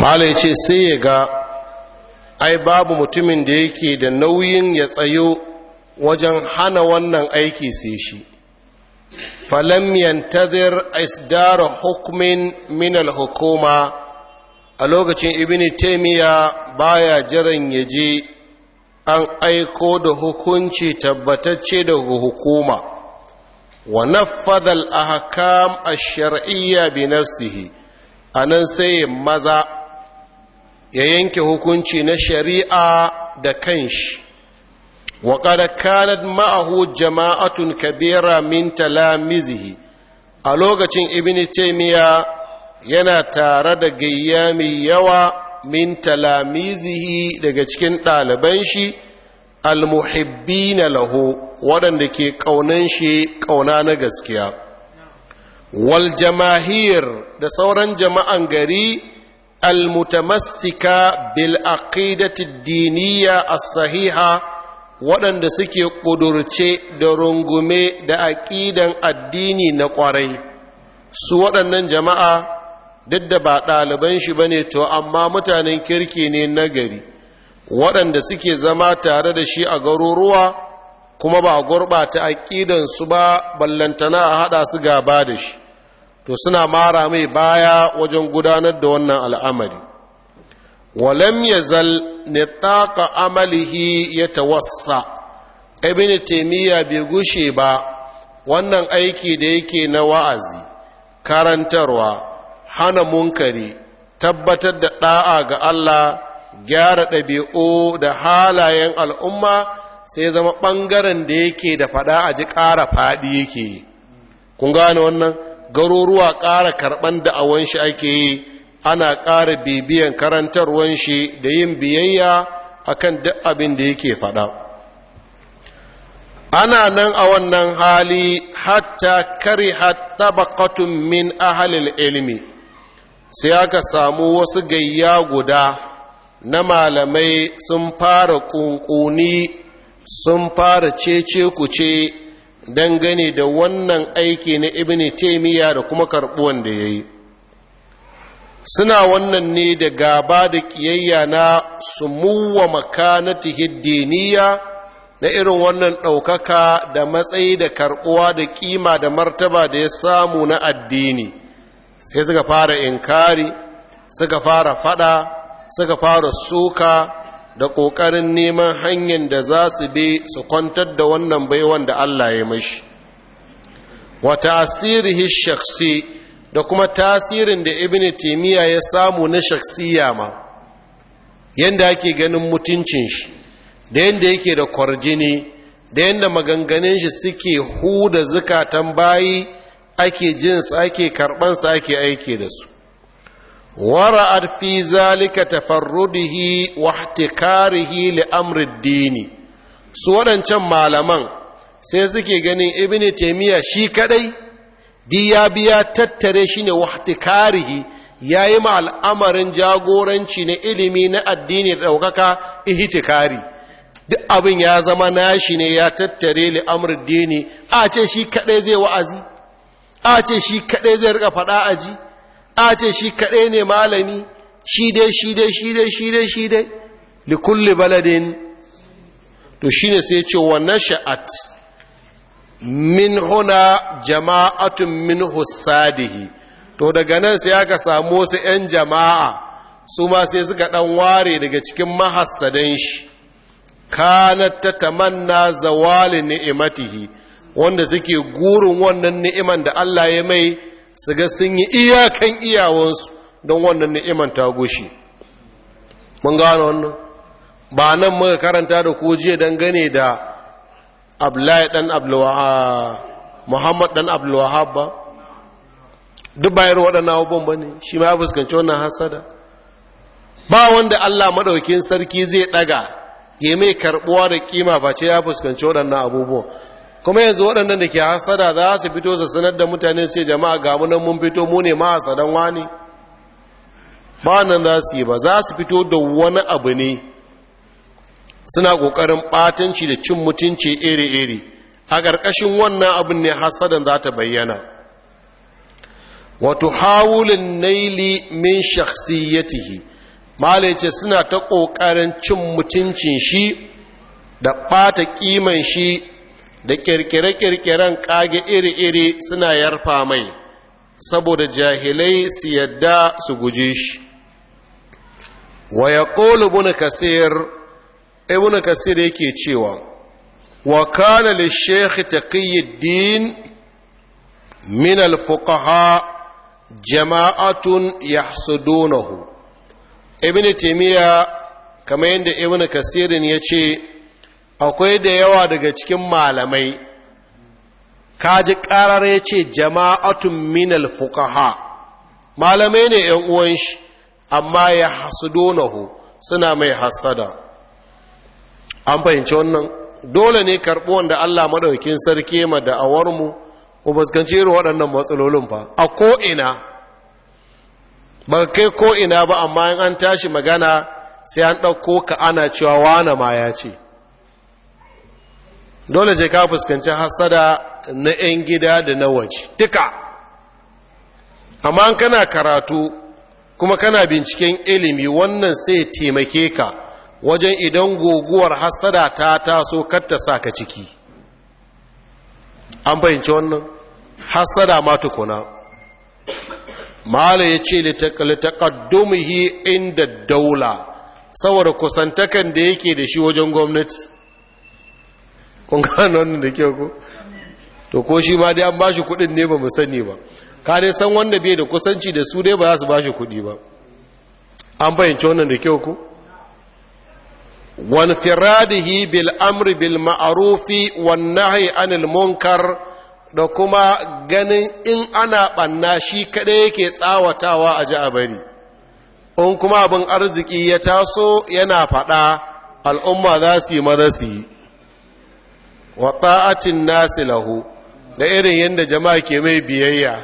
mala ya ce sai ya ga ai babu mutumin da yake da nauyin ya tsayo wajen hana wannan aiki sai shi falam yantazir isdara hukmin minal hukuma a lokacin ibini taimiya baya jiran ya je an aiko da hukunci tabbatacce daga hukuma wa nafadhal ahkam ash-shar'iyya bi nafsihi anan sai maza ya yanke hukunci na shari'a da kanshi wa qad kanad ma'ahu jama'atun kabira min talamizihi a lokacin ibn taymiya yana tare da gayya mai yawa min talamizihi daga cikin ɗaliban shi almuhibbina laho, waɗanda ke ƙaunan shi ƙauna na gaskiya wal jamahir da sauran jama'an gari almutamassika bil aqidati diniya a sahiha waɗanda suke ƙudurce da rungume da aƙidan addini na ƙwarai su waɗannan jama'a duk da ba ɗaliban shi ba ne to amma mutanen kirki ne nagari waɗanda suke zama tare da shi a garuruwa kuma ba a gurɓata aƙidansu ba ballantana a haɗa su gaba da shi to suna mara mai baya wajen gudanar da wannan al'amari walam ne nitaqa amalihi ya yatawassa ibn taymiya bai gushe ba wannan aiki da yake na wa'azi karantarwa hana munkari tabbatar da ɗa'a ga Allah gyara ɗabi'u da halayen al'umma sai zama ɓangaren da yake da faɗa a ji ƙara faɗi yake kun gane wannan garuruwa ƙara karɓan da'awan shi ake yi ana ƙara bibiyan karantarwan shi da yin biyayya akan duk abin da yake faɗa ana nan a wannan hali hatta karihat tabaqatun min ahalil ilmi sai aka samu wasu gayya guda na malamai sun fara ƙunƙuni sun fara cece kuce dangane da wannan aiki na ibini taimiyya da kuma karɓuwan da ya yi suna wannan ne da gaba da ƙiyayya na sumuwa makanati hiddiniya na irin wannan ɗaukaka da matsayi da karɓuwa da ƙima da martaba da ya samu na addini sai suka fara inkari suka fara fada suka fara suka da ƙoƙarin neman hanyar da za su bi su kwantar da wannan baiwan da Allah ya mashi wa asiri shaksi da kuma tasirin da ibn taimiyya ya samu na shaksiya ma yadda ake ganin mutuncin shi da yadda yake da kwarjini da yadda maganganun shi suke huda zukatan bayi ake jinsu ake karbansa ake aiki da su ورأت في ذلك تفرده واحتكاره لأمر الدين سوالاً كم معلمان sai suke ganin ibn taimiyya shi kadai diyabiya tattare shi ne wahtikarihi ya yi ma al'amarin jagoranci na ilimi na addini da ɗaukaka ihtikari duk abin ya zama nashi ne ya tattare li'amur dini a ce shi kadai zai wa'azi a ce shi kadai zai rika faɗa ji. a shi kaɗai ne malami shi dai shi dai shi dai shi dai shi dai likulli baladin to shi ne sai ce wa nasha'at min huna jama'atun min hussadihi to daga nan sai aka samu wasu 'yan jama'a su ma sai suka ɗan ware daga cikin mahassadan shi kanat ta tamanna zawali ni'imatihi wanda suke gurin wannan ni'iman da Allah ya mai su ga sun yi iyakan iyawansu don wannan ni'iman ta goshi mun gano wannan ba nan muka karanta da ko jiya dangane da abdullahi dan abdullahi muhammad dan abdullahi ba duk bayar waɗannan abubuwan ba ne shi ma ya fuskanci wannan hasada ba wanda allah maɗaukin sarki zai ɗaga ya mai karɓuwa da kima face ya fuskanci waɗannan abubuwan kuma yanzu waɗannan da ke hasada za su fito su sanar da mutane ce jama'a ga nan mun fito mu ne ma hasadan wani ba nan za su yi ba za su fito da wani abu ne suna ƙoƙarin ɓatanci da cin mutunci iri-iri a ƙarƙashin wannan abin ne hasadan za ta bayyana wato hawulin naili min shakhsiyatihi malai ce suna ta ƙoƙarin cin mutuncin shi da ɓata ƙiman shi da ƙirƙire-ƙirƙiren ƙage iri-iri suna yarfa mai saboda jahilai su yadda su guji shi wa ya buna kasir ibn kasir yake cewa wa kana li shaykh taqiyuddin min al fuqaha jama'atun yahsudunahu ibnu taymiya kamar yadda ibnu kasirin ya ce akwai da yawa daga cikin malamai kaji karar ya ce jama'atun minal fukaha malamai ne ‘yan shi amma ya hasudonahu suna mai hasada an fahimci wannan dole ne karɓi wanda Allah maɗaukin sarki ma da awarmu ko baskanci irin waɗannan matsalolin ba. a ko'ina ba kai ko'ina ba amma in an tashi magana sai an ɗauko ka ana cewa wane ma ya ce dole sai ka fuskanci hasada na 'yan gida da na waje duka amma kana karatu kuma kana binciken ilimi wannan sai taimake ka wajen idan goguwar hasada ta taso katta sa ka ciki an fahimci wannan hasada ma tukuna Malam ya ce litakaddumihi inda daula saboda kusantakan da yake da shi wajen gwamnati kun gano wannan da kyau ko to ko shi ma dai an bashi kuɗin ne ba mu sani ba ka dai san wanda bai da kusanci da su dai ba za su bashi kuɗi ba an fahimci wannan da kyau ko wan firadihi bil amri bil ma'arufi wan nahyi anil munkar da kuma ganin in ana banna shi kada yake tsawatawa a ji a bari in kuma abin arziki ya taso yana faɗa al'umma za su yi maza su wa ta'atin nasi lahu da irin yadda jama'a ke mai biyayya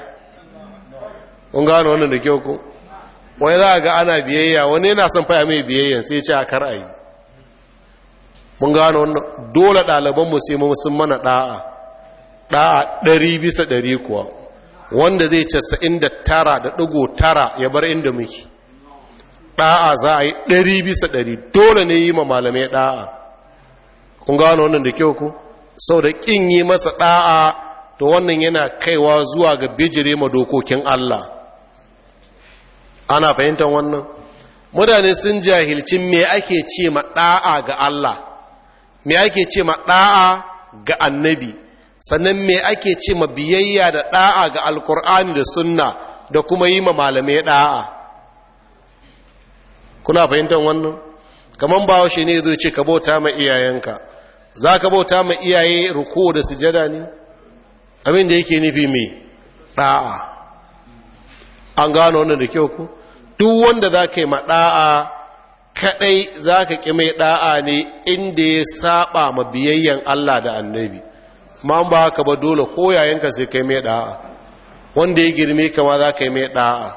kun gano wannan da kyau ko wani za a ga ana biyayya wani yana son faya mai biyayya sai ce a kar a yi mun gano wannan dole mu sai sun mana ɗa'a ɗa'a ɗari bisa ɗari kuwa wanda zai casa'in da tara da ɗigo tara ya bar inda muke ɗa'a za a yi ɗari bisa ɗari dole ne yi ma malamai ɗa'a kun gano wannan da kyau ko sau da ƙin yi masa ɗa'a to wannan yana kaiwa zuwa ga bijire ma dokokin Allah ana fahimtar wannan mutane sun jahilcin me ake ce ma ɗa'a ga Allah me ake ce ma ɗa'a ga annabi sannan me ake ce ma biyayya da ɗa'a ga alkur'ani da sunna da kuma yi ma malamai ɗa'a kuna fahimtar wannan kamar bawa shi ne zai ce ka bauta ma iyayenka za ka bauta ma iyaye ruku da sujada ne abinda yake nufi mai ɗa'a an gano wannan da kyau ku duk wanda za ka yi ma ɗa'a kaɗai za ka ƙi mai ɗa'a ne inda ya saɓa ma biyayyen Allah da annabi ma ba ka ba dole ko yayanka sai kai mai ɗa'a wanda ya girme kama za ka yi mai ɗa'a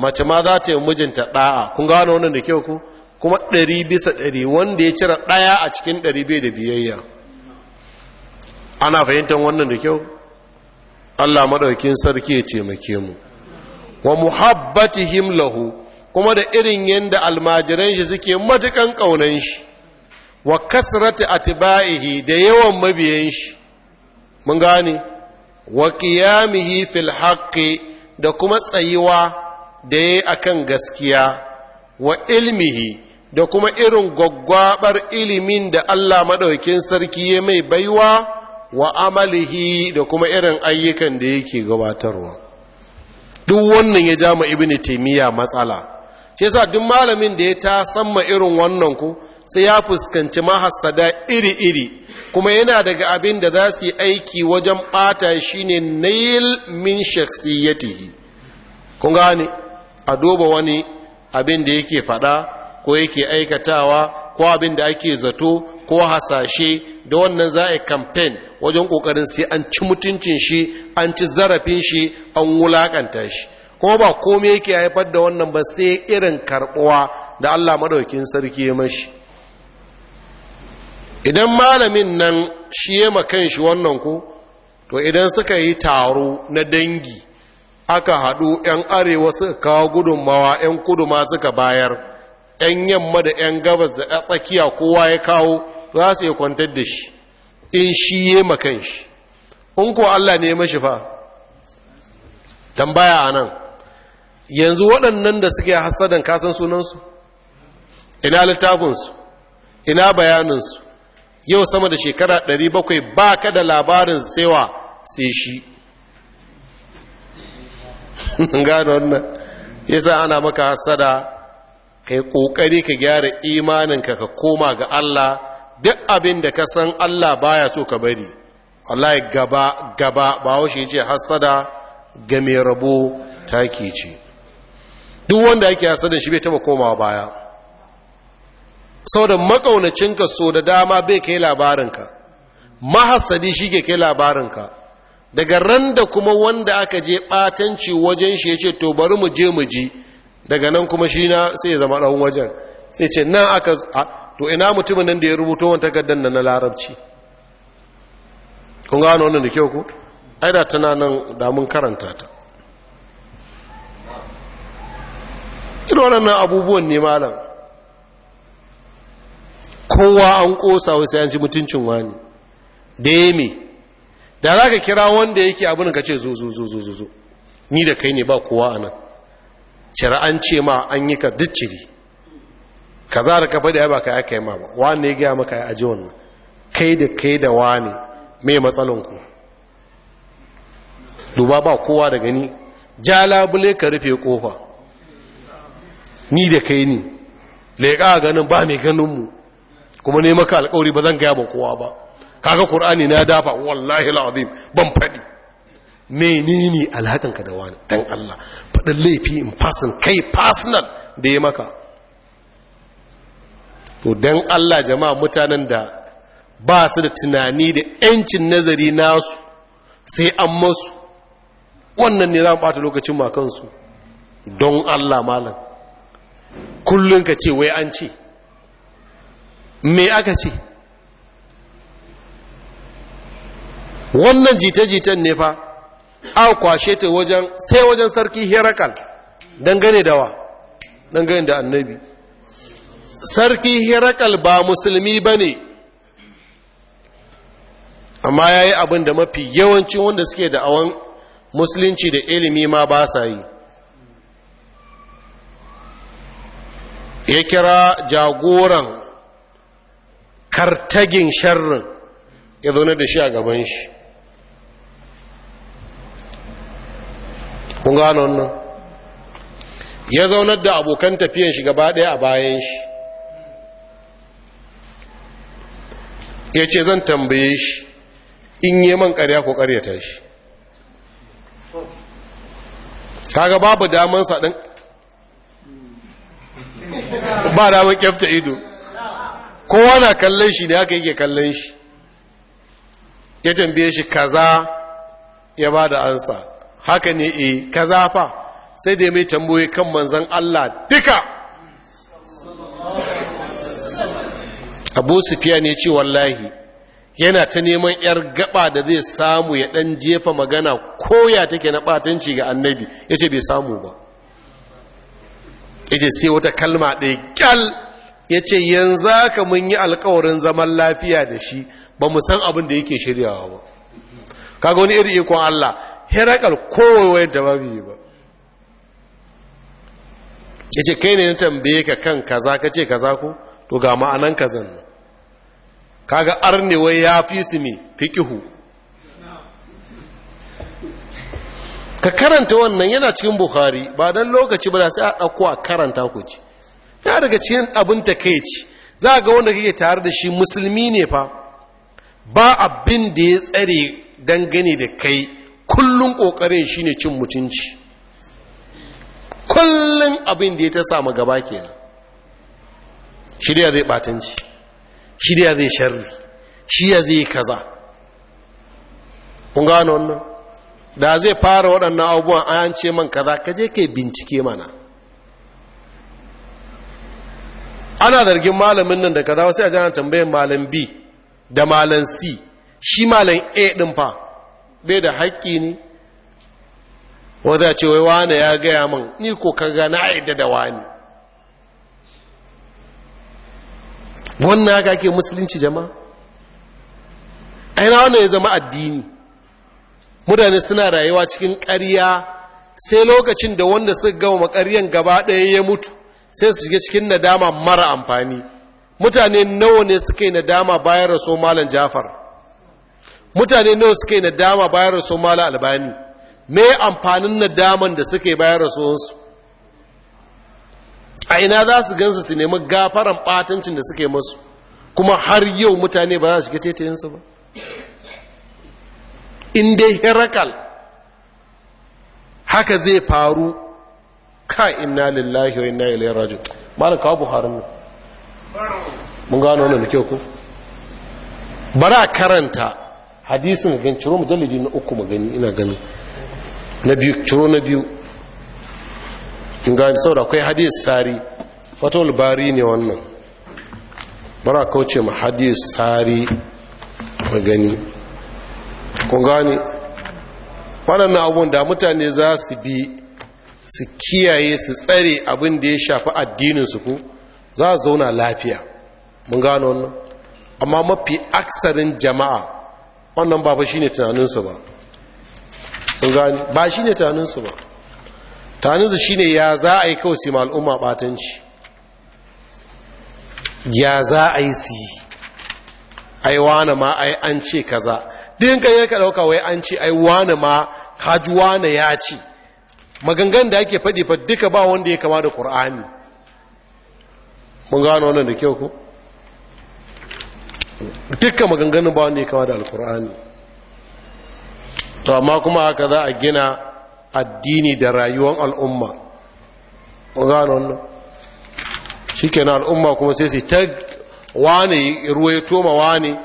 mace ma za ta yi mijinta ɗa'a kun gano wannan da kyau ku kuma ɗari bisa ɗari wanda ya cire ɗaya a cikin ɗari bai da biyayya ana fahimtar wannan da kyau allah maɗaukin sarki ya taimake mu wa muhabbatihim himlahu kuma da irin yadda almajiran shi suke matukan ƙaunan shi wa kasrati atiba'ihi da yawan mabiyan shi mun gane wa ƙiyamihi fil da kuma tsayiwa da yayi akan gaskiya wa ilmihi da kuma irin gwaggwabar ilimin da Allah maɗaukin sarki ya mai baiwa wa amalihi da kuma irin ayyukan da yake gabatarwa duk wannan ya ja jama ibn taimiyya matsala shi yasa duk malamin da ya ta samma irin wannan ku sai ya fuskanci mahassada iri-iri kuma yana daga abin da za su yi aiki wajen ɓata shi ne nail min shaksiyatihi kun gane a duba wani abin da yake faɗa ko yake aikatawa ko abin da ake zato ko hasashe da wannan za a campaign wajen kokarin sai an ci mutuncin shi an ci zarafin shi an wulakanta shi kuma ba komai yake haifar da wannan ba sai irin karbuwa da Allah madaukin sarki ya mashi idan malamin nan shi ya makan shi wannan ko to idan suka yi taro na dangi aka haɗu 'yan arewa suka kawo gudunmawa 'yan kudu ma suka bayar 'yan yamma da 'yan gabas da tsakiya kowa ya kawo za su iya kwantar da shi in shi ya makan shi in kuwa Allah ne mashi fa tambaya a nan yanzu waɗannan da suke hasadan kasan sunansu ina littafinsu ina bayaninsu yau sama da shekara 700 ba ka da labarin tsewa sai shi gano wannan yasa ana maka hasada ka yi ƙoƙari ka gyara imaninka ka koma ga Allah duk abin da ka san Allah baya so ka bari ya gaba gaba ba washe ce hasada ga mai rabo take ce duk wanda ake hasadan shi bai taba koma baya sau da makaunacinka so da dama bai kai labarinka mahasadi shi ke kai labarinka daga ran da kuma wanda aka je ɓatanci wajen shi ya ce to bari mu je mu ji daga nan kuma shi na sai zama ɗan wajen sai ce nan aka to ina mutumin nan da ya rubuto wani takardar na larabci kun gano wannan da kyau ku ai da tana nan da karanta ta irin wannan abubuwan ne malam kowa an ƙosa wasu yanci mutuncin wani da ya me da za ka kira wanda yake abin ka ce zo zo zo ni da kai ne ba kowa a nan cira an ce ma an yi ka dicciri ka za da ka faɗi ba ka aka yi ma ba wani ya gaya maka ya aji wannan kai da kai da wani mai matsalinku duba ba kowa da gani ja labule ka rufe kofa ni da kai ni leƙa ganin ba mai ganinmu kuma ne maka alƙauri ba zan gaya ba kowa ba kaga Kur'ani na dafa wallahi alazim ban faɗi menene alhakanka da wani dan Allah faɗin laifi in fasin kai fasinan da ya maka to dan Allah jama'a mutanen da ba su da tunani da yancin nazari nasu sai an masu wannan ne za mu ɓata lokacin makansu don Allah malam kullum ka ce wai an ce me aka ce wannan jita-jitan ne fa a kwashe ta wajen sai wajen sarki herakal dangane da wa dangane da annabi sarki herakal ba musulmi ba ne amma ya yi abin da mafi yawancin wanda suke da awon musulunci da ilimi ma ba sa yi ya kira jagoran kartagin sharrin ya zaune da shi a gaban shi kun gano wannan ya zaunar da abokan tafiyan shi gaba ɗaya a bayan shi ya ce zan tambaye shi in yi man ƙarya ko ƙaryata shi kaga babu daman saɗin ba daman kyafta ido kowa na kallon shi ne aka yake kallon shi ya tambaye shi kaza ya ba da ansa haka ne e kaza fa sai da mai tamboye kan manzan Allah duka abu sufiya ne ce wallahi yana ta neman yar gaba da zai samu ya dan jefa magana koya take na batanci ga annabi ya ce bai samu ba ya sai wata kalma ɗaya kyal ya ce yanzu ka mun yi alkawarin zaman lafiya da shi ba mu san abin da yake shiryawa ba kaga wani iri ikon Allah herakal kowai da ba yi ba ya ce kai ne na tambaye ka kan kaza ka ce kaza ku to ga ma'anan kazan nan kaga arnewa ya fi su ne fikihu ka karanta wannan yana cikin bukhari ba don lokaci ba da sai a ɗauko a karanta ku ci ya daga cikin abin ta kai ci za ga wanda kake tare da shi musulmi ne fa ba abin da ya tsare dangane da kai kullum ƙoƙarin shi ne cin mutunci kullum abin da ya ta samu gaba ke kenan shirya zai ɓatanci shirya zai sharri shirya zai kaza kun gano wannan da zai fara waɗannan abubuwan an ce man kaza ka je ka bincike mana ana zargin malamin nan da kaza wasu a tambayin malam b da malam c shi malam a ɗin fa bai da haƙƙi ne wadda ce wai wane ya gaya min ni ko ka gana aida da wani wannan haka ke musulunci jama'a aina wannan ya zama addini mutane suna rayuwa cikin ƙarya sai lokacin da wanda suka gama makaryan gaba ɗaya ya mutu sai su shiga cikin nadama mara amfani mutane nawa ne suka yi nadama bayan rasu malan jafar mutane nawa suka yi bayar da sun mala albani me amfanin na daman da suke bayar da sun su a ina za su gansa su nemi gafaran batancin da suke masu kuma har yau mutane ba za su shiga tetayensu ba in dai herakal haka zai faru ka inna lillahi wa inna ilayhi raji'un malam kawo buharin nan mun gano wannan da kyau ko bara karanta hadisin gan ciro mujallidi na uku magani ina gani na biyu ciro na biyu in gani saboda akwai hadis sari fatawul bari ne wannan bara kauce ma hadis sari magani kun gani waɗannan abun da mutane za su bi su kiyaye su tsare abin da ya shafi addininsu ku? za su zauna lafiya mun gano wannan amma mafi aksarin jama'a wannan ba shi ne tunaninsu ba ba shi ne tunaninsu ba tunaninsu shi ne ya za a yi kawai su al'umma batanci ya za a yi su yi ai wane ma ai an ce kaza din kan yaka dauka wai an ce ai wane ma kaji wane ya ce magangan da ake faɗi fa duka ba wanda ya kama da qur'ani mun gano wannan da kyau ko dukkan maganganun ba wanda ya kawo da alkur'ani to amma kuma haka za a gina addini da rayuwar al'umma gano wannan shi kenan al'umma kuma sai su ta wane ruwa ya toma wane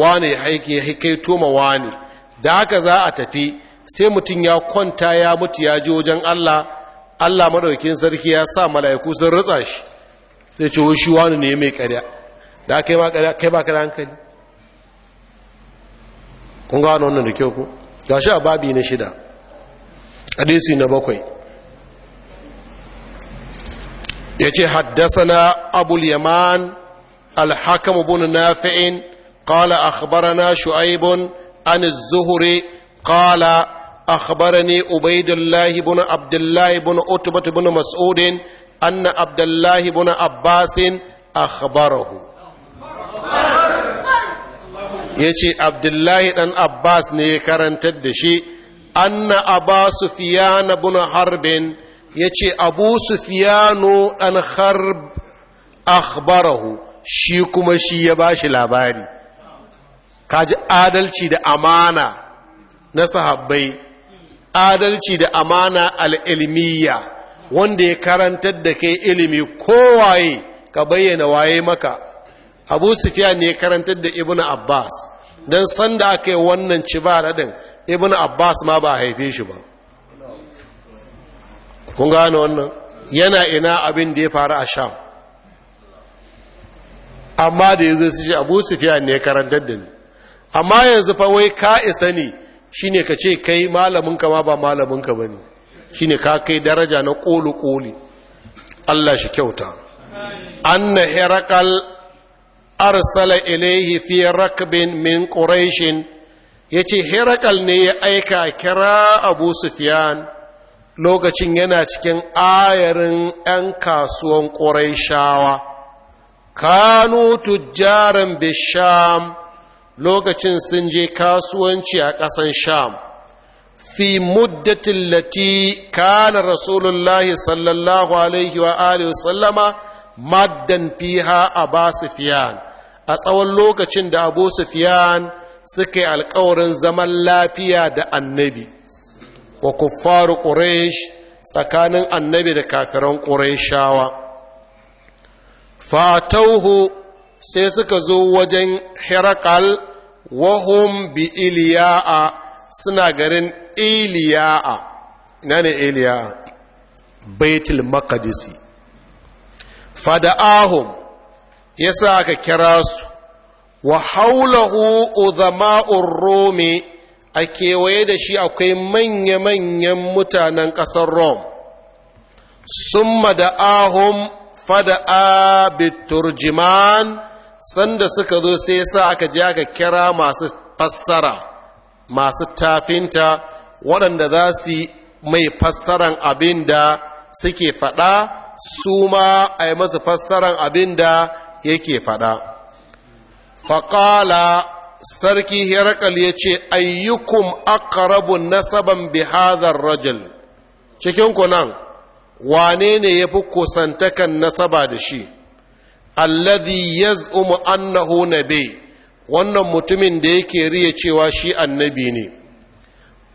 wane ya haike ya toma wane da haka za a tafi sai mutum ya kwanta ya mutu ya ji wajen allah allah madaukin sarki ya sa mala'iku sun ritsa shi sai ce shi wani ne mai ƙarya. da kai ba ka da hankali kun gano wannan da kyau ku ga shi a babi shida hadisi na bakwai ya ce haddasana abul yaman alhakamu bin nafi'in qala akhbarana shu'aibun an az-zuhri qala akhbarani ubaydullah ibn abdullah ibn utbah ibn mas'ud anna Abdullahi ibn Abbasin akhbarahu ya ce abdullahi ɗan abbas ne ya karantar da shi anna aba sufiyana bin harbin ya ce abu sufiyano ɗan harb akhbarahu shi kuma shi ya ba shi labari Ka ji adalci da amana na sahabbai adalci da amana al'ilmiya wanda ya karantar da kai ilimi kowaye ka bayyana waye maka abu ne ya karantar da ibn abbas don sanda aka yi wannan ci ba raɗin ibn abbas ma ba haife shi ba kun gane wannan yana ina abin da ya faru a sham amma da yanzu su ce abu sufiyan ne ya karantar da ni amma yanzu fa wai ka isa ne ne ka ce kai malaminka ma ba malaminka ba ne Shi ne ka kai daraja na ƙoli-ƙoli allah shi kyauta na herakal arsala ilaihi fi rakbin min quraishin yace herakal ne ya aika kira abu sufyan lokacin yana cikin ayarin 'yan kasuwan ƙuraishawa kanu tujjaran bisham lokacin sun je kasuwanci a ƙasan sham fi muddatin lati kana rasulullahi sallallahu alaihi wa alihi sallama maddan fiha a ba a tsawon lokacin da abu sufiyan suka yi alkawarin zaman lafiya da annabi wa kuffaru ƙuresh tsakanin annabi da kafiran ƙureshawa fatauhu sai suka zo wajen herakal wahum bi iliya'a suna garin iliya'a ina ne iliya'a baitul makadisi ya sa aka kira su wa haulahu uzama'ur rome a kewaye da shi akwai manya-manyan mutanen ƙasar rome summa da ahun fada'a biturjiman sanda suka zo sai sa aka je aka kira masu fassara masu tafinta waɗanda za su mai fassaran abin da suke faɗa su ma a yi masu fassaran abin da yake faɗa faƙala sarki herakal ya ce ayyukum aqrabu nasaban bi hadhar rajul cikin ku nan wane ne ya fi kusantakan nasaba da shi alladhi yaz'umu annahu nabi wannan mutumin da yake riya cewa shi annabi ne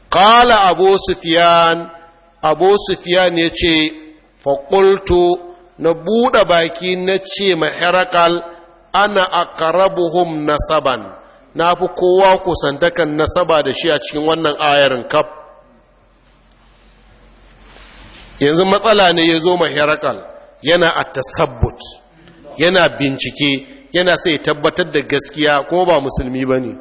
qala abu sufyan abu sufyan ya ce faƙultu na buɗe baki na ce ma herakal ana ƙarabuhun nasaban na fi kowa kusantakan nasaba da shi a cikin wannan ayarin kaf yanzu matsala ne ya zo maherakal yana a tasabbut yana bincike yana sai tabbatar da gaskiya kuma ba musulmi ba ne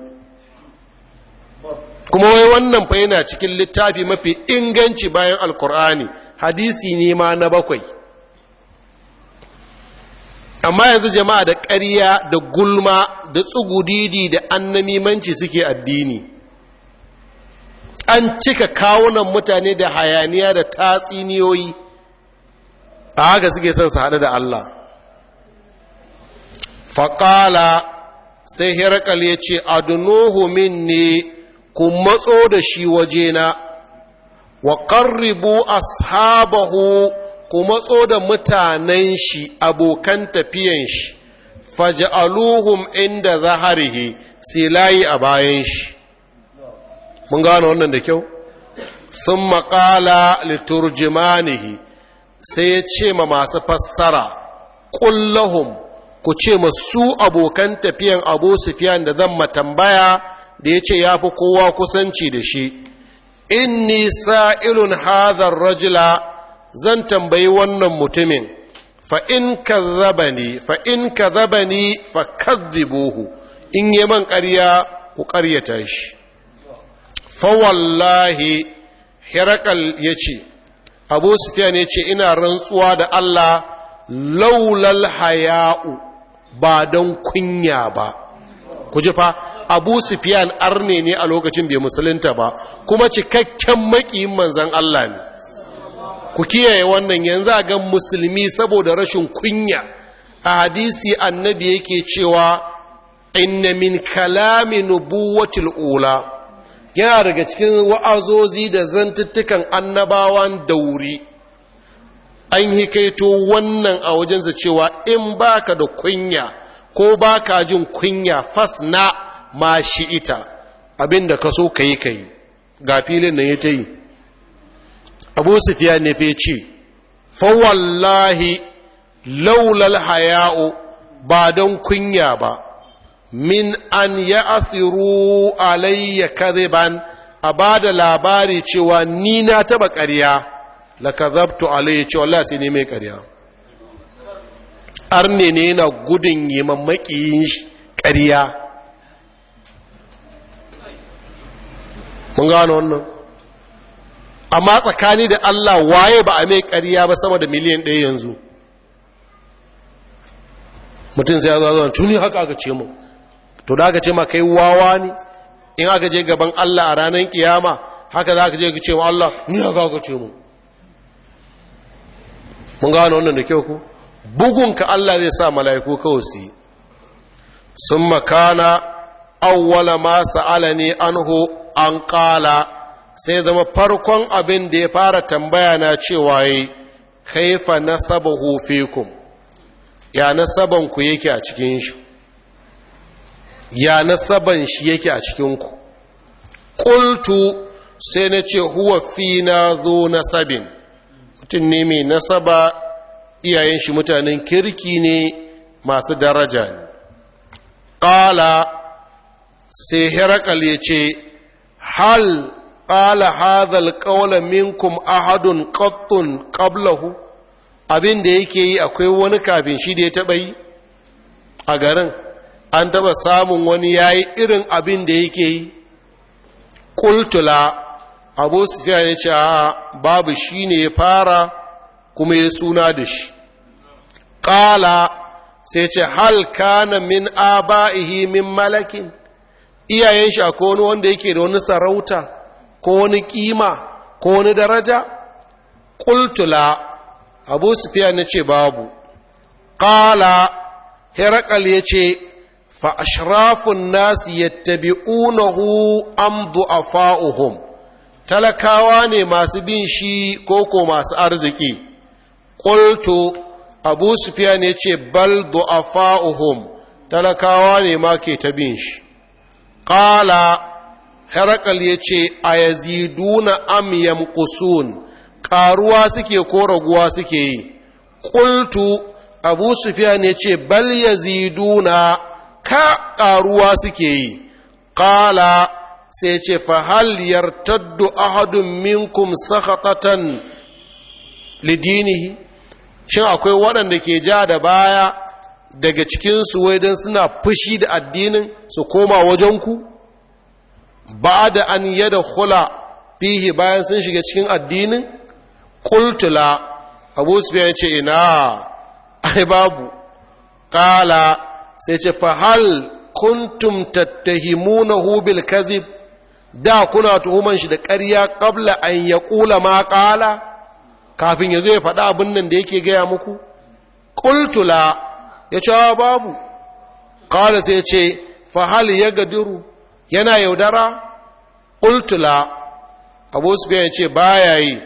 kuma wai wannan fa yana cikin littafi mafi inganci bayan alkur'ani hadisi ne ma na bakwai amma yanzu jama'a da ƙarya da gulma da tsugudidi da annamimanci suke addini an cika kawunan mutane da hayaniya da tatsiniyoyi a haka suke son su haɗu da Allah faƙala sai herakal ya ce adunuhu ne ku matso da shi wajena wa ƙarribu ashabahu ku matso da mutanen shi abokan tafiyan shi faj'aluhum inda zaharihi sai layi a bayan shi mun gano wannan da kyau sun maƙala liturjimanihi sai ya ce ma masu fassara ƙullahum ku ce ma su abokan tafiyan abu sufiyan da zan matambaya da ya ce ya fi kowa kusanci da shi inni sa'ilun hadhar rajila. zan tambayi wannan mutumin fa in kazzabani fa in ne fa kadhibuhu in yi man ƙarya ku ƙaryata shi fa wallahi ya ce Abu ya ce ina rantsuwa da Allah laulal haya'u ba don kunya ba ku ji fa Abu Sufyan arne ne a lokacin bai musulunta ba kuma cikakken maƙiyin manzon Allah ne ku kiyaye wannan yanzu a gan musulmi saboda rashin kunya a hadisi annabi yake cewa inna min kalami nubuwatul ula yana daga cikin wa'azozi da zantuttukan annabawan dauri an hikaito wannan a wajensa cewa in baka da kunya ko baka jin kunya fasna ma shi ita abinda ka so ka yi ka yi ga filin na ya ta yi abu sufiyan ne fa ce fawallahi laulal haya'u ba don kunya ba min an ya athiru alayya ba a ba da labari cewa ni na taba ƙarya la kadhabtu alayya cewa Allah sai ne mai ƙarya arne ne yana gudun mamaki makiyin ƙarya mun gano wannan amma tsakani da Allah waye ba a mai kariya ba sama da miliyan ɗaya yanzu mutum sai ya zo zuwa tuni haka aka ce mu to da aka ce ma kai wawa ne in aka je gaban Allah a ranar kiyama haka za ka je ka ce ma Allah ni haka aka ce mu mun gano wannan da kyau ku bugunka Allah zai sa mala'iku kawai su yi sun makana awwala ma sa'ala ne anhu an qala sai zama farkon abin da ya fara tambaya na cewa yi kaifa nasabahu fikum ya nasaban ku yake a cikin shi ya nasaban shi yake a cikin ku ƙultu sai na ce huwa na zo nasabin mutum ne mai nasaba iyayen shi mutanen kirki ne masu daraja ne ƙala sai herakal ya ce hal قال هذا القول منكم ahadun قط قبله abin da yake yi akwai wani kafin shi da ya taba yi a garin an taba samun wani ya yi irin abin da yake yi ƙultula abu sufyan ya ce a babu shi ne ya fara kuma ya suna da shi ƙala sai ce hal kana min aba'ihi min malakin iyayen shi akwai wani wanda yake da wani sarauta ko wani kima ko wani daraja ƙultula abu sufiya na ce babu ƙala herakal ya ce fa ashrafun nasi unahu am du'afa'uhum talakawa ne masu bin shi koko masu arziki ƙultu abu sufiya ne ce bal du'afa'uhum talakawa ne ma ke ta bin shi ƙala herakal ya ce a yaziduna am yamqusun karuwa suke ko raguwa suke yi ƙultu abu sufiyan ya ce bal yaziduna ka karuwa suke yi kala sai ce fahal yartaddu ahadun minkum sakhatatan lidinihi shin akwai waɗanda ke ja da baya daga cikinsu wai don suna fushi da addinin su koma wajenku ba da an yada hula fihi bayan sun shiga cikin addinin Kultula. abu ya ce ina ai babu ƙala sai ce fahal kuntum tattahimuna hubil kazib da kuna tuhuman shi da ƙarya ƙabla an ya ƙula ma ƙala kafin ya zo ya faɗa abin nan da yake gaya muku Kultula. ya ce babu ƙala sai ce fahal ya gadiru yana yaudara ƙultula abu ya ce baya yi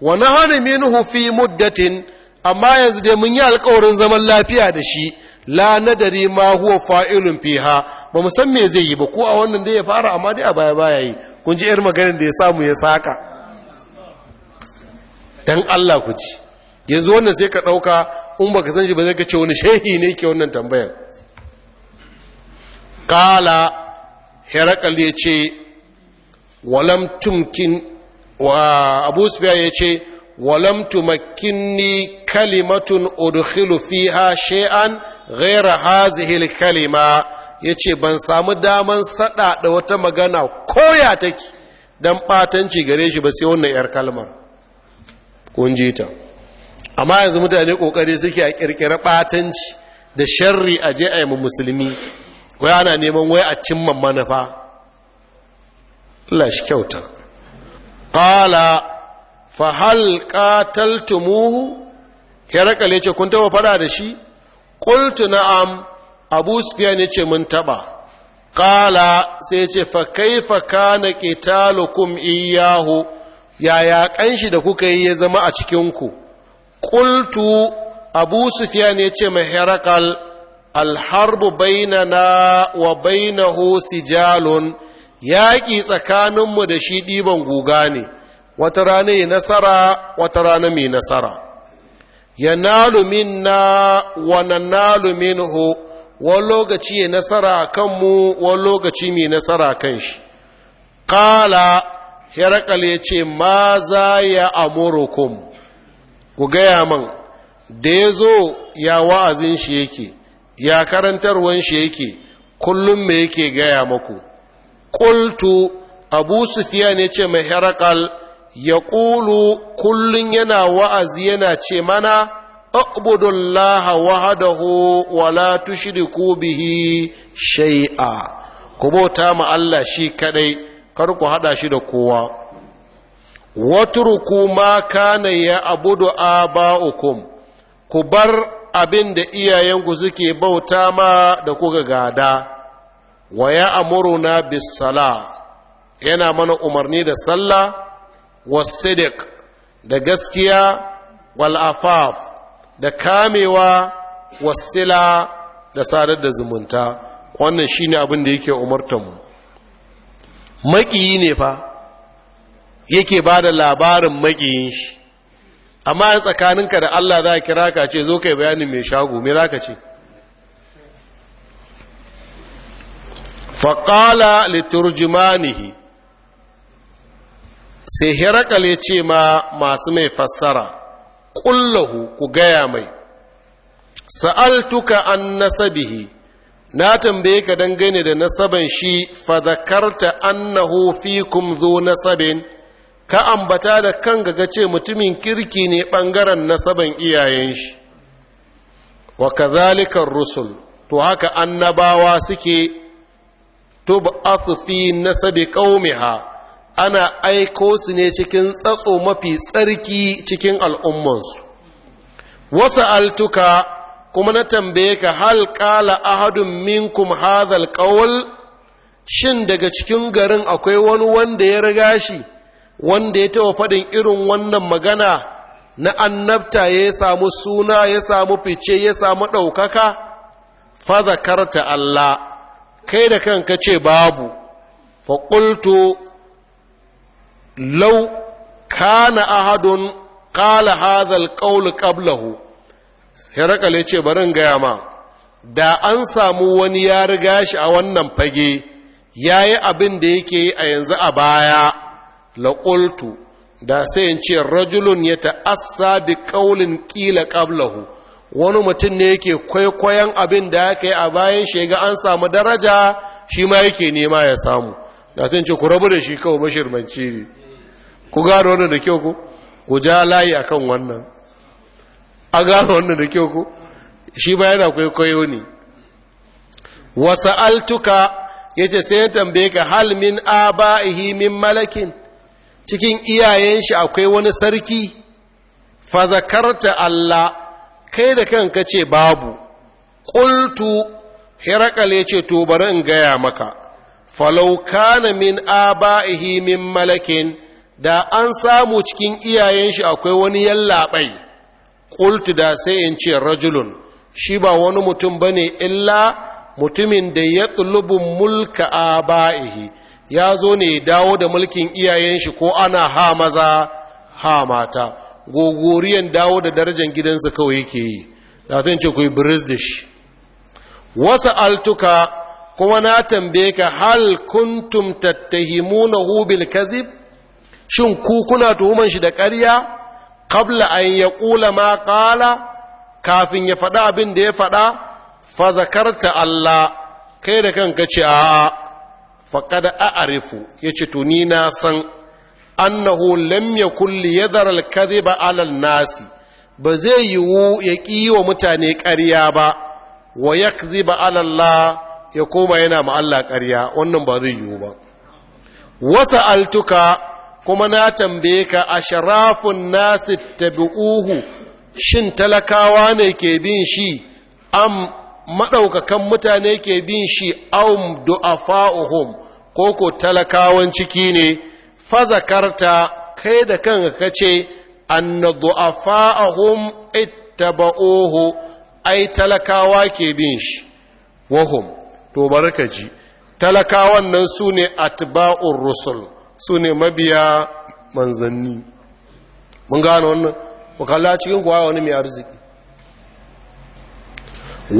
wa hannun minhu fi muddatin amma yanzu dai mun yi alkawarin zaman lafiya da shi la nadari ma huwa fa'ilun fiha ba mu san me zai yi ba ko a wannan da ya fara amma dai a baya baya yi kun ji 'yar maganin da ya samu ya saka dan Allah ku ji yanzu wannan sai ka ɗauka in baka san shi ba zai ka ce wani shehi ne ke wannan tambayar. kala herakal ya ce walam tumkin wa abu sufiya ya ce walam tumakin ni kalimatun udkhilu fiha shay'an ghaira hazihi kalima Ya ce ban samu daman sada da wata magana koya take dan batanci gare shi ba sai wannan yar kalmar kun ji ta amma yanzu mutane kokari suke a kirkira batanci da sharri a je a yi musulmi wai na neman wai a cimman manufa Allah shi kyauta Ƙala, fa hal ya raƙale ce kun taɓa fara da shi ƙultu na'am abu ne ce mun taɓa. Ƙala sai ce fa kaifa kana qitalukum iyyahu yaya kanshi da kuka yi ya zama a cikin ku Abu abu ne ce mai herakal alharbu bainana wa bainahu sijalun yaƙi tsakaninmu da shi ɗiban guga ne wata rana yi nasara wata rana mai nasara ya nalu na wa nanalu ho. wani lokaci ya nasara a kanmu wani lokaci mai nasara a kan shi ƙala herakal ya ce ma za ya amurukum ku gaya man da ya zo ya wa'azin shi yake ya karantarwan shi yake kullum me yake gaya maku qultu abu sufyan ya ce mai herakal ya ƙulu kullum yana wa'azi yana ce mana ubudullaha wahadahu wala tushriku bihi shai'a. ku bauta ma Allah shi kaɗai, kar ku haɗa shi da kowa ruku ma kana ya abudu aba'ukum ku bar abin da iyayenku suke bauta ma da kuka gada wa ya na bisala yana mana umarni da sallah wasidik da gaskiya wal'afaf da kamewa wasila da sadar da zumunta wannan shi ne abin da yake umartanmu maƙiyi ne fa yake ba da labarin maƙiyin shi amma tsakaninka da Allah za kira ka ce zo kai bayanin mai shago me za ka ce faƙala liturjimanihi sai herakal ce ma masu mai fassara ƙullahu ku gaya mai sa'altuka an nasabihi na tambaye ka dangane da nasaban shi fadakarta annahu fikum zo nasabin ka ambata da kan gaga ce mutumin kirki ne ɓangaren nasaban iyayen shi wa kazalikan rusul to haka annabawa suke tub'athu fi nasabi ƙaumiha, ana aiko su ne cikin tsatso mafi tsarki cikin al'ummansu wasu altuka kuma na tambaye ka hal kala ahadun minkum hadhal shin daga cikin garin akwai wani wanda ya riga shi wanda ya taɓa faɗin irin wannan magana na annabta ya samu suna ya samu fice ya samu ɗaukaka fazakarta Allah kai da kanka ce babu faƙultu lau kana ahadun ƙala hazal ƙaul ƙablahu herakale ce barin gaya ma da an samu wani ya riga shi a wannan fage ya yi abin da yake yi a yanzu a baya laƙultu da sai in ce rajulun ya ta'assa bi ƙaunin ƙila ƙablahu wani mutum ne yake kwaikwayon abin da aka yi a bayan shi ga an samu daraja shi ma yake nema ya samu da sai in ce ku rabu da shi kawai mashirmanci ne ku gano wannan da kyau ku ku ja layi akan wannan a gano wannan da kyau ku shi ba yana kwaikwayo ne wasa'altuka ya ce sai ya tambaye ka hal min aba'ihi min malakin cikin iyayen shi akwai wani sarki fa zakarta Allah kai da kanka ce babu qultu hirakal yace to bari in gaya maka falau kana min aba'ihi min malakin da an samu cikin iyayen shi akwai wani yallaɓai ƙultu da sai in ce rajulun shi ba wani mutum bane illa mutumin da ya ɗulubin mulka aba'ihi ya zo ne dawo da mulkin iyayen shi ko ana ha maza ha mata gogoriyan dawo da darajar gidansa kawai yake yi da ce kuwa wasu altuka kuma na tambaye ka hal kuntum na hubil kazib shin ku kuna tuhuman shi da ƙarya kabla an ya ƙula ma ƙala kafin ya faɗa abin da ya faɗa fa zakarta Allah kai da kanka ce a'a faƙada arifu ya ce tuni ni na san annahu lam yakun liyadhar al-kadhiba 'ala nasi ba zai yiwu ya ƙi wa mutane ƙarya ba wa yakdhiba 'ala Allah ya koma yana ma Allah ƙarya wannan ba zai yiwu ba wasa altuka kuma na tambaye ka sharafin nasi tabi'uhu shin talakawa ne ke bin shi am maɗaukakan mutane ke bin shi aum du'afa'uhum ko ko talakawan ciki ne fazakarta kai da kanka kace anna du'afa'ahum ittaba'uhu ai talakawa ke bin shi wahum to barka ji talakawan nan su ne atba'ur rusul su ne mabiya manzanni mun gano wannan ku kalla cikin kuwa wani mai arziki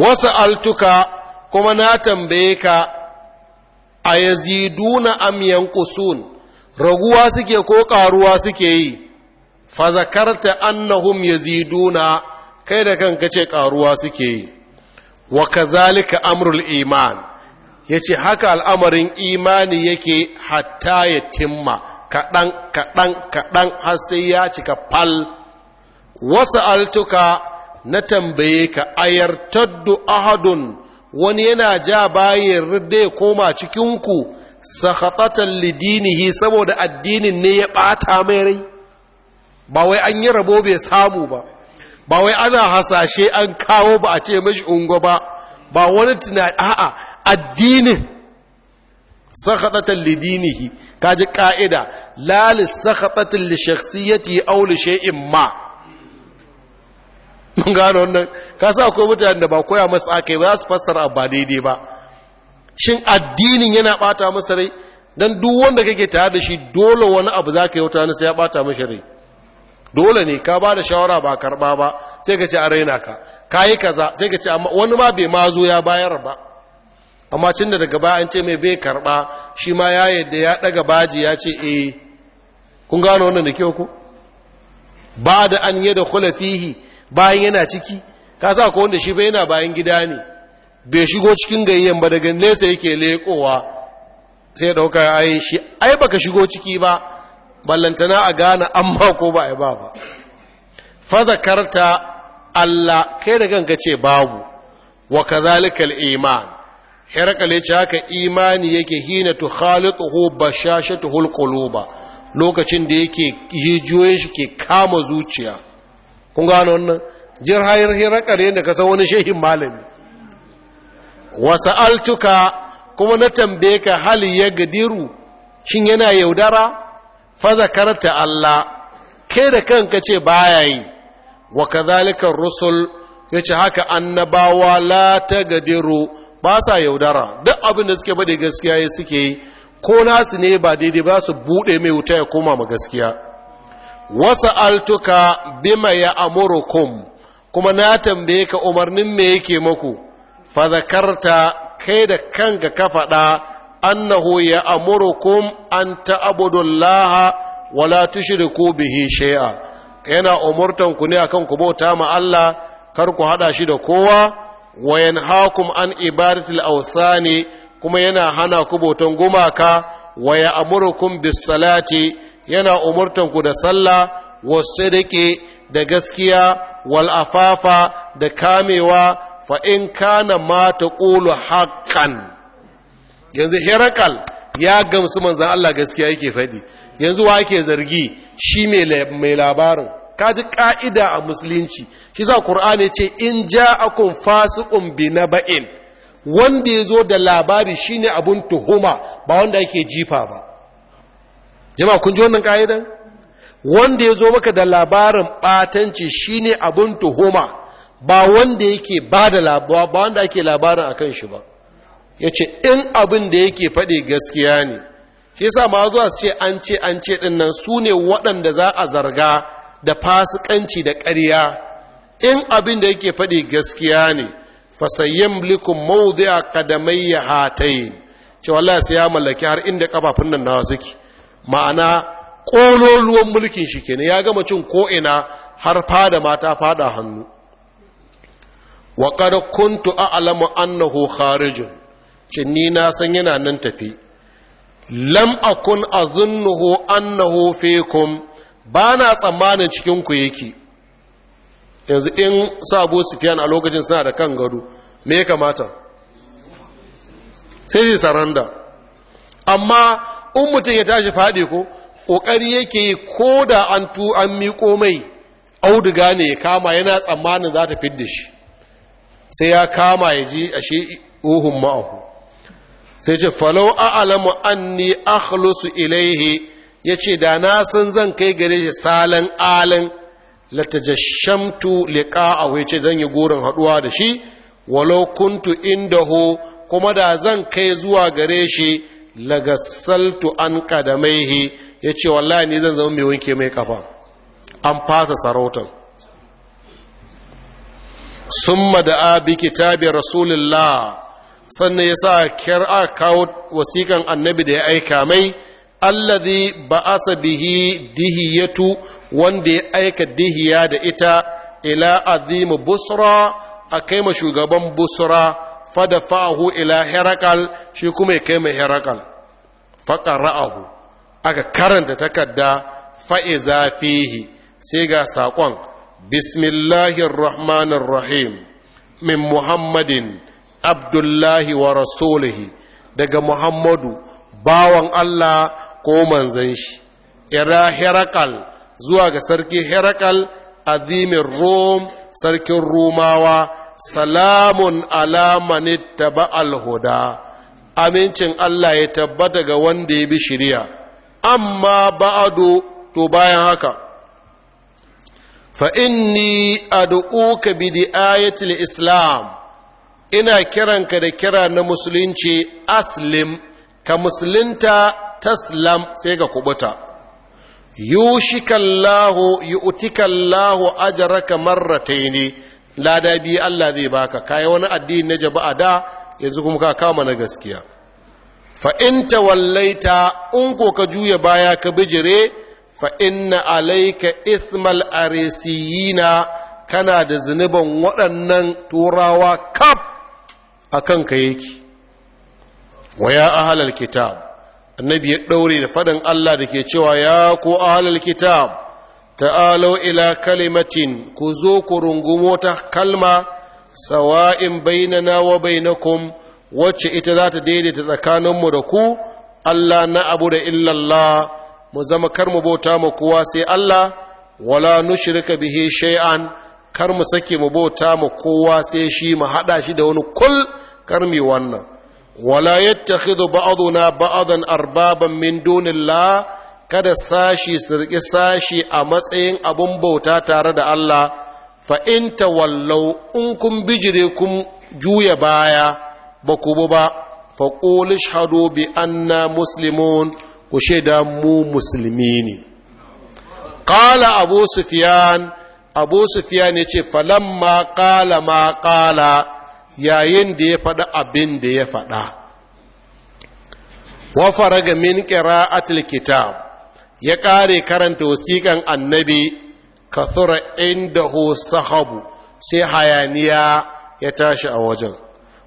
wasu altuka kuma na tambaye ka a na am yanqusun raguwa suke ko karuwa suke yi fa zakarta annahum yaziduna kai da kanka ce karuwa suke yi wa kazalika amrul iman yace haka al'amarin imani yake hatta ya timma kaɗan kaɗan kaɗan har sai ya cika fal wasu altuka na tambaye ka ayar taddu ahadun wani yana ja bayan ridde, ya koma cikinku sakhatatan lidinihi saboda addinin ne ya bata mai rai ba wai an yi rabo bai samu ba ba wai ana hasashe an kawo ba a ce mashi ungo ba ba wani tunani a'a addinin sakhatatan lidinihi kaji ka'ida lalis sakhatatan li shakhsiyati aw li shay'in ma mun gano wannan ka akwai mutane da ba koya masu aka yi ba za su fassara ba daidai ba shin addinin yana bata masa rai don duk wanda kake tare da shi dole wani abu za ka yi wata sai ya bata masa rai dole ne ka ba da shawara ba karba ba sai ka ce a raina ka ka yi kaza sai ka ce wani ma bai ma zo ya bayar ba amma cin da daga baya an ce mai bai karba shi ma ya yadda ya daga baji ya ce eh kun gano wannan da kyau ku ba da an yi da kula fihi bayan yana ciki ka sa ko wanda shi fa yana bayan gida ne bai shigo cikin gayyan ba daga nesa yake lekowa sai ya dauka ai shi ai baka shigo ciki ba ballantana a gane amma ko ba ai ba ba fa zakarta Allah kai da kanka ce babu wa kazalikal iman herkale ce haka imani yake hina tu khalituhu bashashatuhul quluba lokacin da yake jijiyoyin shi ke kama zuciya kun gano wannan jir hayar hirakar yadda ka san wani shehin malami wasa altuka kuma na tambaye ka hali ya gadiru shin yana yaudara karta Allah kai da kanka ce baya yi wa kazalika rusul ce haka annabawa la ta gadiru ba sa yaudara duk abin da suke bade gaskiya suke yi ko nasu ne ba daidai ba su bude mai wuta ya koma ma gaskiya wasa altuka bima ya amurukum kuma na tambaye ka umarnin me yake muku fa zakarta kai da kanka ka faɗa annahu ya amurukum an ta'budullaha wala tushriku bihi shay'a yana umurtan ku ne akan ku bauta ma Allah kar ku hada shi da kowa Wayan yanhaakum an ibadatil awsani kuma yana hana ku bautan gumaka wa ya'murukum bis salati yana umurtanku da sallah wa sadaqi da gaskiya wal afafa da kamewa fa in kana ma taqulu haqqan yanzu herakal ya gamsu manzan Allah gaskiya yake faɗi yanzu wa ake zargi shi mai labarin kaji ka'ida a musulunci Kisa sa qur'ani ce in ja'akum fasiqun bi naba'in wanda ya zo da labari shine abin tuhuma ba wanda ake jifa ba jama kun ji wannan ƙa'idan wanda ya zo maka da labarin batanci shine abin tuhuma ba wanda yake ba da ba wanda ake labarin kan shi ba Ya ce in abin da yake faɗi gaskiya ne shi yasa ma zuwa su ce an ce an ce din nan su ne waɗanda za a zarga da fasikanci da ƙarya in abin da yake faɗi gaskiya ne fasayyamlikum mawdi'a qadamayya hatayn cewa Allah sai ya mallaki har inda kafafun nan nawa suke ma'ana kololuwan mulkin shi kenan ya gama cin ko'ina ina har fada mata fada hannu wa qad kuntu a'lamu annahu kharijun cin ni na san yana nan tafi lam akun azunnuhu annahu fikum ba na tsammanin cikin ku yake yanzu in sa su sufiyan a lokacin suna da kan gado me ya kamata sai zai saranda amma in mutum ya tashi faɗi ko ƙoƙari yake yi ko da an tu an miƙo mai auduga ne ya kama yana tsammanin za ta fidda shi sai ya kama ya ji a shi, uhun ma'ahu sai ce falau an anni akhlusu ilaihi ce da na san zan kai gare shi salan alin. latajashamtu liqa'ahu yace zan yi gurin haduwa da shi walau kuntu indahu kuma da zan kai zuwa gare shi lagasaltu an qadamaihi yace wallahi ni zan zama mai wanke mai kafa an fasa sarautan summa da abi kitabi rasulullah sannan ya sa a kawo wasikan annabi da ya aika mai allazi ba'asa bihi dihiyatu wanda ya aika dihiya da ita ila azimu busra a kai ma shugaban busra fada fa'ahu ila herakal shi kuma ya kai ma herakal faƙara'ahu aka karanta takarda fa'iza fihi sai ga saƙon bismillahirrahmanirrahim min muhammadin abdullahi wa rasulihi daga muhammadu bawan allah ko manzan shi ira herakal zuwa ga sarki herakal azimin rom sarkin rumawa salamun alamani taba alhuda amincin allah ya tabbata ga wanda ya bi shirya amma ba'adu to bayan haka fa inni ad'uka bi di'ayatil islam ina kiranka da kira na musulunci aslim ka musulunta taslam sai ga kubuta yushikallahu yu'tikallahu ajraka marrataini lada bi Allah zai baka kai wani addini na jaba'a da yanzu kuma ka kama na gaskiya fa in tawallaita in ko ka juya baya ka bijire fa inna alayka ithmal arisiyina kana da zunuban waɗannan turawa kaf akan ka yake wa ya ahlal kitab annabi ya ɗaure da faɗin Allah da ke cewa ya ko ahalar kitab ta'alo ila kalimatin ku zo ku rungumo ta kalma sawa'in bainana wa bainakum wacce ita za ta daidaita tsakaninmu da ku Allah na abu da illallah mu zama kar mu bauta mu kowa sai Allah wala nushrika bihi shay'an kar mu sake mu bauta mu kowa sai shi mu hada shi da wani kul kar mu wannan wala yattakhidhu ba'duna ba'dan arbaban min dunillah kada sashi su riƙi sashi a matsayin abun bauta tare da Allah fa in in kun bijire kun juya baya ba ku ba fa qul bi anna muslimun ku shaida mu musulmi ne qala abu sufyan abu sufyan ce, falamma qala ma ƙala. yayin da ya faɗa abin da ya faɗa wafara ga min qira'atil kitab ya ƙare karanta wasiƙan annabi kathura indahu sahabu sai hayaniya ya tashi a wajen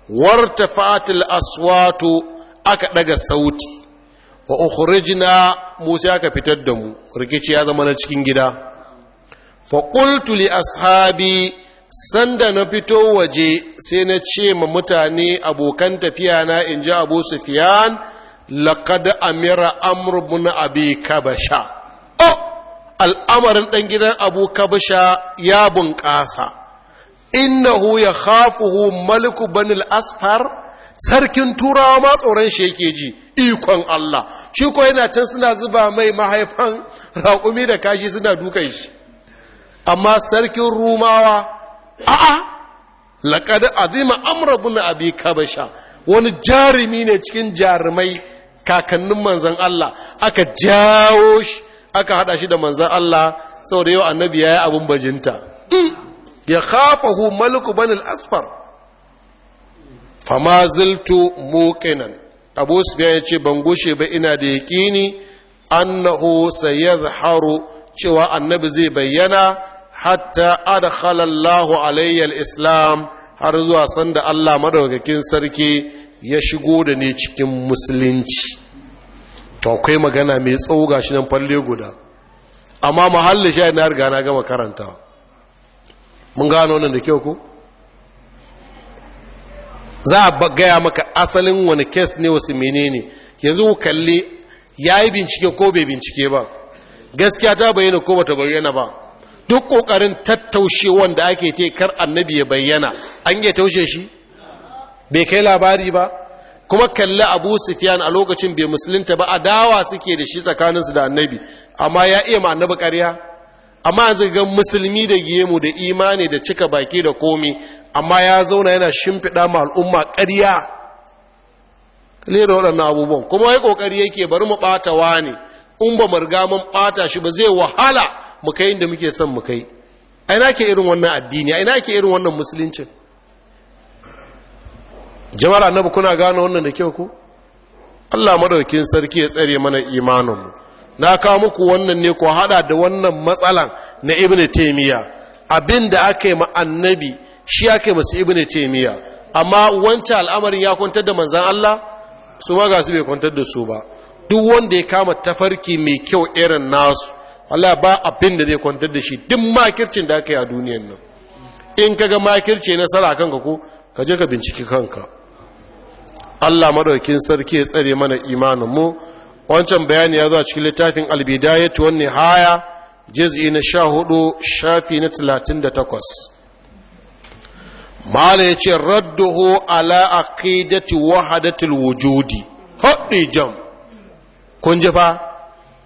Warta wartafatil aswatu aka ɗaga sauti wa ukhrijna musa aka fitar da mu rikici ya zama na cikin gida fa qultu li ashabi sanda na fito waje sai na ce ma mutane abokan tafiya na in ji abu sufiyan laqad amira amur muna abi kabasha oh, al'amarin ɗan gidan abu kabasha ya bunƙasa innahu yakhafuhu malik maliku Banil asfar sarkin turawa ma tsoron shi yake ji ikon Allah shi ko yana can suna zuba mai mahaifan raƙumi da kashi suna dukan shi amma sarkin rumawa a'a laƙad azima amrabun abi kabasha wani jarumi ne cikin jarumai kakannin manzan Allah aka jawo shi aka hada shi da manzon Allah saboda yau annabi ya yi abin bajinta hmm. ya khafahu maliku banil asfar fama ziltu muqinan abu sufyan ya ce ban gushe ba ina da yaƙini annahu sayazharu cewa annabi zai bayyana hatta adkhala Allahu alayya islam har zuwa sanda Allah madaukakin sarki ya shigo da ni cikin musulunci to akwai magana mai tsoga gashi nan falle guda amma mahallin shi na riga na gama karanta mun gano nan da kyau ko za a gaya maka asalin wani kes ne wasu menene yanzu ku kalli ya yi bincike ko bai bincike ba gaskiya ta bayyana ko bata bayyana ba duk ƙoƙarin tattaushe wanda ake te kar annabi ya bayyana an yi taushe shi bai kai labari ba kuma kalli abu sufiyan a lokacin bai musulunta ba dawa suke da shi tsakaninsu da annabi amma ya iya ma annabi ƙarya amma an zai gan musulmi da gemu da imani da cika baki da komi amma ya zauna yana shimfiɗa ma al'umma ƙarya kalli da waɗannan abubuwan kuma wai ƙoƙari yake bari mu ɓata wa ne in ba mu riga mun ɓata shi ba zai wahala mu kai inda muke son mu kai a ina ke irin wannan addini a ina ke irin wannan musuluncin jama'ar annabi kuna gano wannan da kyau ku Allah madaukin sarki ya tsare mana imaninmu na kawo muku wannan ne ko hada da wannan matsalan na ibn taymiya abinda aka yi ma annabi shi aka yi masu ibn taymiya amma wancan al'amarin ya kwantar da manzan Allah su ma ga su bai kwantar da su ba duk wanda ya kama tafarki mai kyau irin nasu Allah ba abin da zai kwantar da shi duk makircin da aka yi a duniyan nan in ka ga makirce nasara kanka ko ka je ka binciki kanka Allah madaukin sarki ya tsare mana imanin mu wancan bayani ya zo a cikin littafin albidayatu wan haya juz'i na 14 shafi na 38 mala yace radduhu ala aqidati wahdatul wujudi haddi jam kun ji fa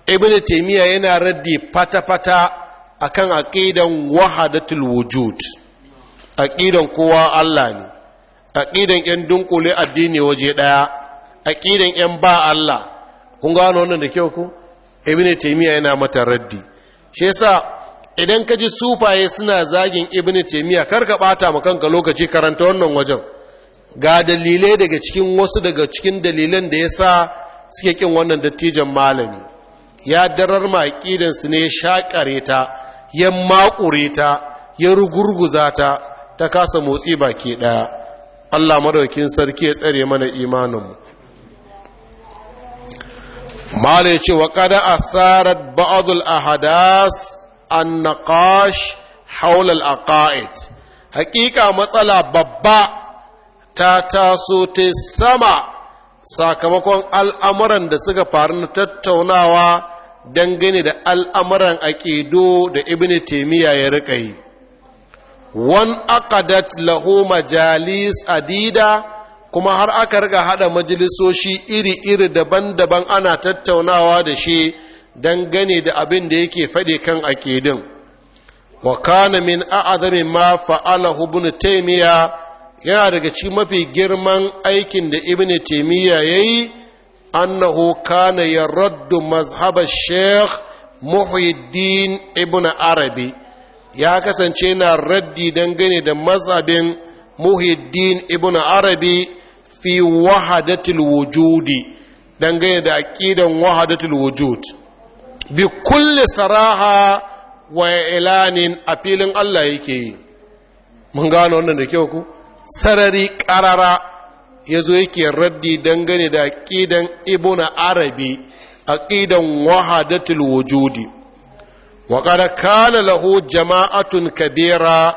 ibn taimiyya yana raddi fata-fata akan aqidan wahadatul wujud aqidan kowa Allah ne aqidan yan dunkule addini waje daya aqidan yan ba Allah kun gano wannan da kyau ku ibn taimiyya yana mata raddi shi yasa idan ka ji sufaye suna zagin ibn taimiyya kar ka bata ma kanka lokaci karanta wannan wajen ga dalilai daga cikin wasu daga cikin dalilan da yasa suke kin wannan dattijan malami ya darar maƙidansu ne ya shaƙare ta ya maƙure ta ya rugurguza ta ta kasa motsi baki ɗaya allah madaukin sarki ya tsare mana imaninmu mala ce wa kada asarar ba'adul ahadas an naƙash haulal aqaid haƙiƙa matsala babba ta taso ta sama sakamakon al'amuran da suka faru na tattaunawa dangane da al'amuran aƙido da ibn taimiyya ya riƙa yi wan akadat lahu majalis adida kuma har aka riga haɗa majalisoshi iri-iri daban-daban ana tattaunawa da shi dangane da abin da yake faɗi kan aƙidin wa kana min a'adami ma fa'alahu ibn yana daga cikin mafi girman aikin da ibn taimiyya ya yi annahu kana yaraddu mazhab sheikh muhyiddin ibn arabi ya kasance na raddi dangane da mazhabin muhyiddin ibn arabi fi wahadatul wujudi dangane da aqidan wahadatul wujud bi kulli saraha wa ilanin a filin Allah yake yi mun gano wannan da kyau ku sarari karara ya zo yake raddi dangane da ƙidan ibn arabi aƙidan wahadatul wujudi wa qad kana lahu jama'atun kabira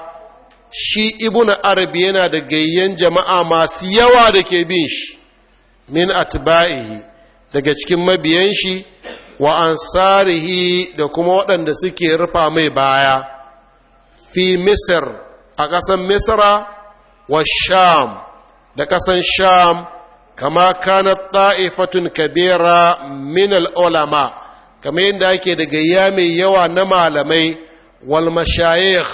shi ibn arabi yana da gayyan jama'a masu yawa da ke bin shi min atba'ihi daga cikin mabiyan shi wa ansarihi da kuma waɗanda suke rufa mai baya fi misir a ƙasar misra wa sham da ƙasan sham kama kana ta'ifatun kabira min al'ulama kamar yadda ake da gayya mai yawa na malamai wal mashayikh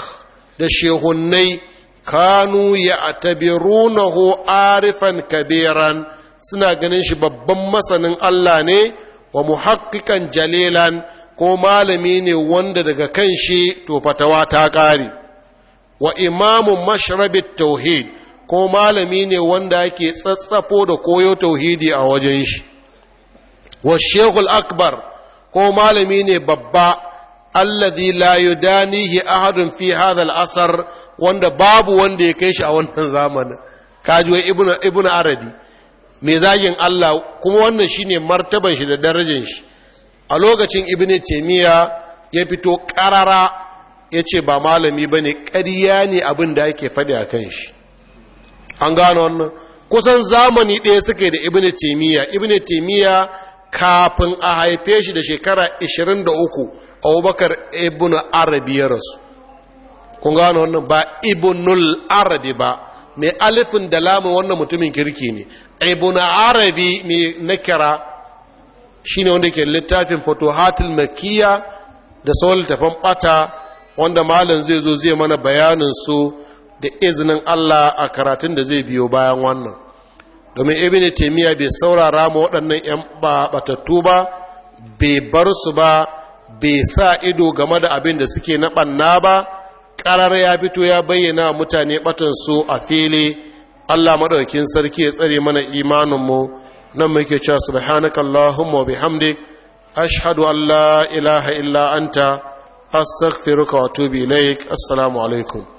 da shehunnai kanu ya atabirunahu arifan kabiran suna ganin shi babban masanin Allah ne wa muhaqqiqan jalilan ko malami ne wanda daga kan shi to fatawa ta ƙare wa imamun mashrabit tauhid ko malami ne wanda yake tsatsafo da koyo tauhidi a wajen shi wa shekul akbar ko malami ne babba alladhi la yudanihi ahadun fi hadha al-asr wanda babu wanda ya kai shi a wannan zamanin kaji ibnu ibnu arabi mai zagin Allah kuma wannan shine martaban shi da darajar shi a lokacin ibnu taymiya ya fito karara yace ba malami bane ƙarya ne abin da ake faɗi a kan shi an gano wannan kusan zamani ɗaya suke da ibn taimiyya ibn taimiyya kafin a haife shi da shekara 23 abubakar ibn arabi ya rasu kun gano wannan ba ibnul arabi ba mai alifin da lamun wannan mutumin kirki ne ibn arabi mai nakira shine wanda ke littafin fatuhatul makiyya da sauran tafan bata wanda malam zai zo zai mana bayanin su da izinin Allah a karatun da zai biyo bayan wannan domin ibn taymiya bai saurara ma waɗannan yan batattu ba bai bar su ba bai sa ido game da abin da suke na ɓanna ba ƙarar ya fito ya bayyana mutane batan su a fili Allah maɗaukin sarki ya tsare mana imaninmu nan muke cewa subhanakallahumma wa bihamdik ashhadu an la ilaha illa anta astaghfiruka wa atubu ilaik assalamu alaikum